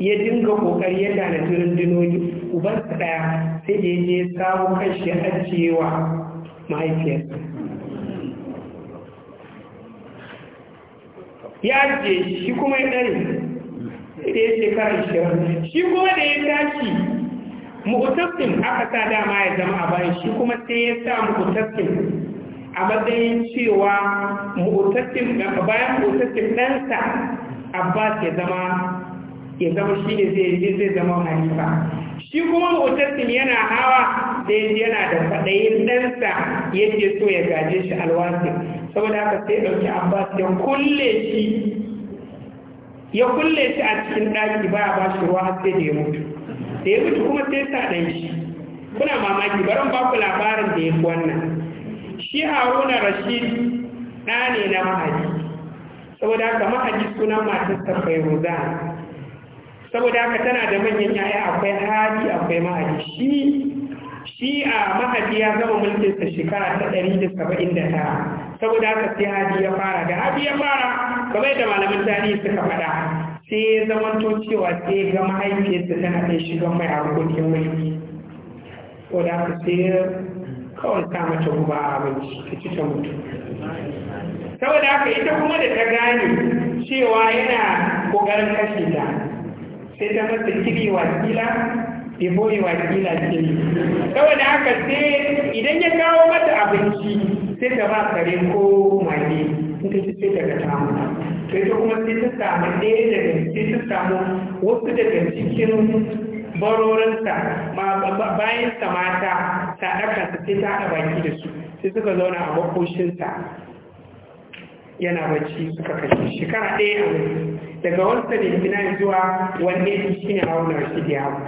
ya dinga ƙoƙari ya jirin dinoji ubansa ɗaya sai da ya je sawo kan shi ajiyewa mahaifiyarsa ya je shi kuma ya ɗari da ya ce ishirin shi kuma da ya tashi mu'utasim aka sa dama ya zama a bayan shi kuma sai ya sa mu'utasim a matsayin cewa a bayan mu'utasim ɗansa abbas ya zama ya zama shi ne zai zai zama halifa shi kuma mu'utasim yana hawa sai yana da faɗayin ɗansa yake so ya gaje shi alwasin saboda haka sai ɗauki abbas ya kulle shi ya kulle shi a cikin ɗaki ba a bashi ruwa har sai da ya mutu da ya mutu kuma sai sa ɗan shi kuna mamaki barin ba ku labarin da ya fi wannan shi haruna rashid ɗa ne na mahadi saboda haka mahadi sunan matarsa fairuza saboda haka tana da manyan yaya akwai hadi akwai mahadi shi shi a mahadi ya gama mulkinsa shekara ta ɗari da saba'in da saboda haka sai hadi ya fara da hadi ya fara kamar da malamin tarihi suka faɗa sai ya zamanto cewa sai ga mahaifiyarsa tana ɗaya shiga mai harkokin mai saboda haka sai kawai sa mata guba a abinci ta ci ta mutu saboda haka ita kuma da ta gane cewa yana ƙoƙarin kashe ta sai ta masa kiri wakila ibo wakila ce saboda haka sai idan ya kawo mata abinci sai ta ba kare ko mali in ta ci sai daga samu to ita kuma sai ta samu ɗaya daga sai ta samu wasu daga cikin barorinsa bayan sa mata ta ɗaka su sai ta haɗa baki da su sai suka zauna a makoshinsa yana bacci suka kashe shekara ɗaya a wani daga wasu da gina zuwa wanne shi ne auna shi da yawa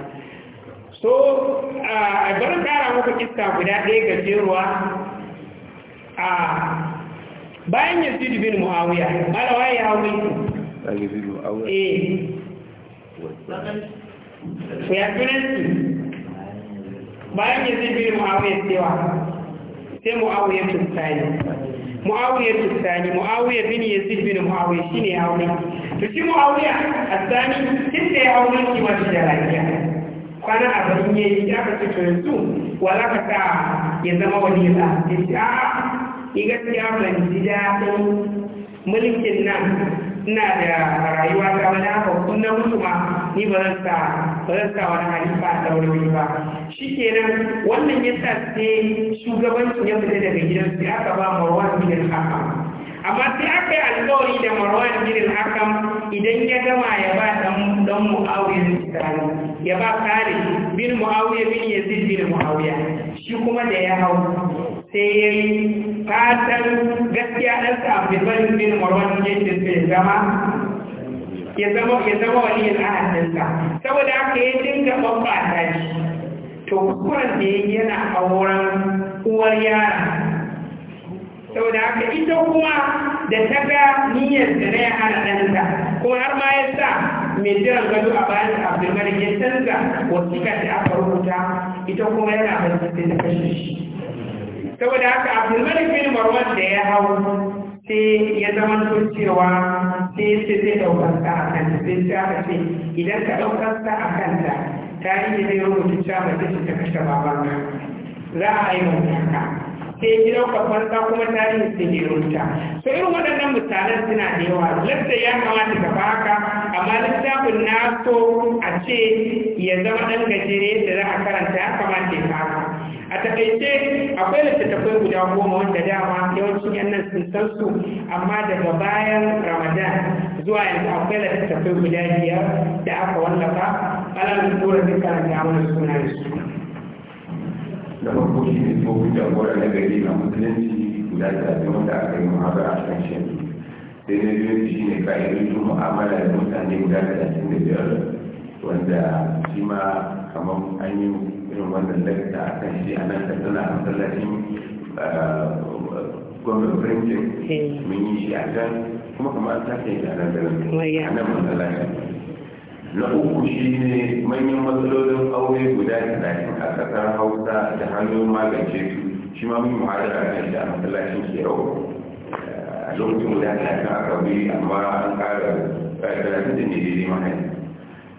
so a bari kara muku kista guda ɗaya gajeruwa a ah. bayan yazid bin muawiya malawa ya hawo yazid bin muawiya eh ko ya tunanci bayan yazid bin muawiya cewa sai muawiya tsani muawiya tsani muawiya bin yazid bin muawiya shine ya hawo to shi muawiya asani kinda ya hawo shi ma shi da lafiya kwana abin yayi ya ka ce yanzu wala ka ta ya zama wani da ta. a ni gaskiya ban mulkin nan ina da rayuwa ta wani haka kun mutu ma ni ba zan sa ba zan sa wani halifa a daurari ba shi kenan wannan ya sa sai shugabancin ya fita daga gidan sai aka ba marwan gidan haka amma sai aka yi alƙawari da marwan gidan haka idan ya gama ya ba dan dan muawiya tsari ya ba kare bin muawiya bin yazid bin shi kuma da ya hau sai yayi fatan gaskiya ɗan safi zan bin marwan yadda zai zama ya zama ya zama wani yin ahadinsa saboda haka ya dinga ɓaɓɓata shi to kuma da ya yana wurin uwar yara saboda haka ita kuma da ta ga niyyar da na yana hana ɗanta kuma har ma ya sa mai jiran gado a bayan abdulmalik ya canza wasiƙa da aka rubuta ita kuma yana bai sai da kashe shi saboda haka abdulmalik bin marwan da ya hau sai ya zama cewa sai sai zai daukar sa a kanta sai ta aka ce idan ka daukar sa a kanta ta yi da zai rubuta cewa ba zai ta kashe babanka za a yi wanka sai daukar kwakwanta kuma ta tarihin sihirunta so irin waɗannan misalan suna da yawa lafta ya kamata ka haka amma littafin na so a ce ya zama ɗan gajere da za a karanta ya kamata ya haka a takaice akwai littattafai guda goma wanda dama yawancin yan nan sun san su amma daga bayan ramadan zuwa yanzu akwai littattafai guda biyar da aka wallafa alal tura dukkan da mana suna da su da farko shi ne tsohon jagora na gari na musulunci guda da wanda aka yi muhabara a kan shi sai na biyu shi ne ka'idojin mu'amala da mutane guda da biyar wanda shi ma kamar an yi irin wannan lakta a kan shi a nan da tana a masallacin uh, gwamnan birnin eh. mun yi shi a kan kuma kamar an sake shi a nan da nan oh, a nan masallacin na uku shi ne manyan matsalolin aure guda talatin a kasar hausa da hannun magance su shi ma mun muhadara kan shi a masallacin kerau a lokacin guda da talatin aka bi amma an kara talatin da ne daidai mahaifin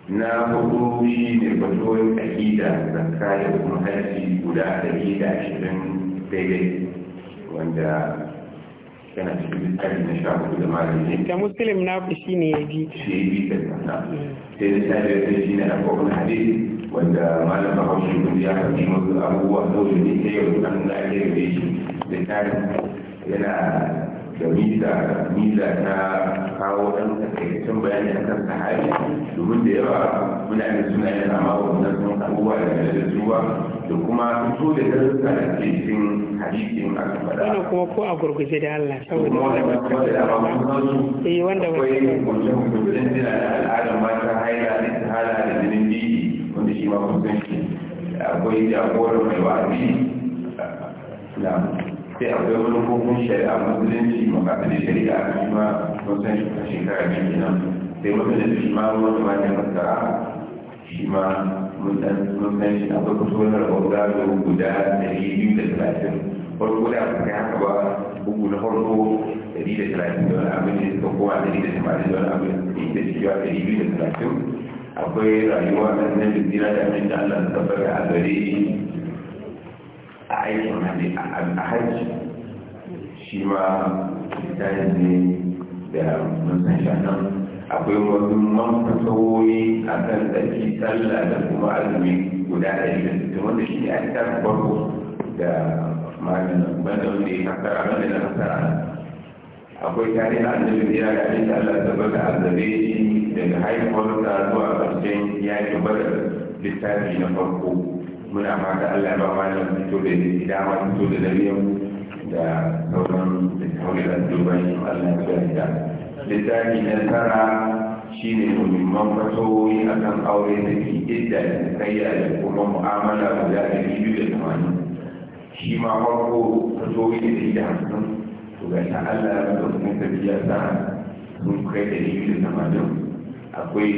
na hudu shi ne batoyin akida da da kuma hajji guda da da shirin daidai wanda yana cikin tsari na shafi da malami da muslim na fi shi ne ya bi shi ya bi da kasa sai da sa da shi ne abubuwan hade wanda malam bahaushe kun ya kafi mazu abubuwa dole ne ta yau an da ake shi da tarin yana da misa misa ta kawo ɗan takaitaccen bayani a kan sahabi domin da yawa da suna yin amma wannan sun abubuwa da zuwa da kuma so da darussa da ke cikin hadisin aka faɗa. Ina kuma ko a gurguje da Allah saboda wanda ba da Eh wanda ba ta da da al'adar mata haila da tahala da jinin bibi wanda shi kun san shi. Akwai mai wa'azi. Na'am. sai akwai wani hukun shari'a musulunci makasar da shari'a a shi ma kusan shekara ne sai mutum da shi ma wani ma ne shi ma mun shi akwai kusurar ɓangaro guda ɗari biyu da talatin farko da aka kai haka ba bugu na farko ɗari da talatin da wani abin da suka kowa da tamanin da wani abin da yi da shi ba biyu da talatin akwai rayuwa na nan da zira da amince Allah a gare a aikin hajji a hajji shi ma yi ne da musan shanan akwai wasu mafasowoyi a kan tsarki sallah da kuma azumi guda ɗari da wanda shi ne a cikin farko da mafi banda wanda ya kasara banda na kasara akwai na azumi ya ga da Allah tabbata azabe shi daga haihuwarsa zuwa ƙarshen yakin bada littafi na farko muna fata Allah ba ma malam mutu da ni ma mutu da dariyar da sauran littaunin duban Allah ya ba da littafi na tara shi ne muhimman fatoyi a kan aure da ke idda da kayya da kuma mu'amala guda da biyu da tamanin shi ma farko fatoyi da ke da hankali to ga ta Allah ya ba da kuma tafiya sa sun kai da biyu da tamanin akwai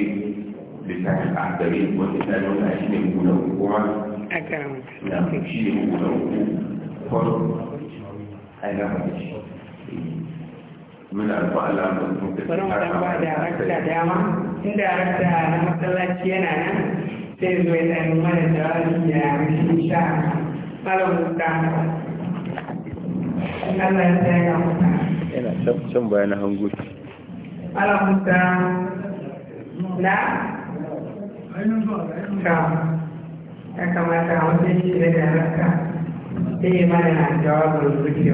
littafin akari wanda ta nuna shi ne mu kuma a karamar muna ba alamun mutum da ba da rakta dama inda rakta na matsalaci yana nan sai zo ya ɗan mana jawabi da rashin sha malam mutum Allah ya tsaya ga mutum yana can bayan hango malam mutum na ta ya kamata a shi da haka sai ya mana jawabin gujewa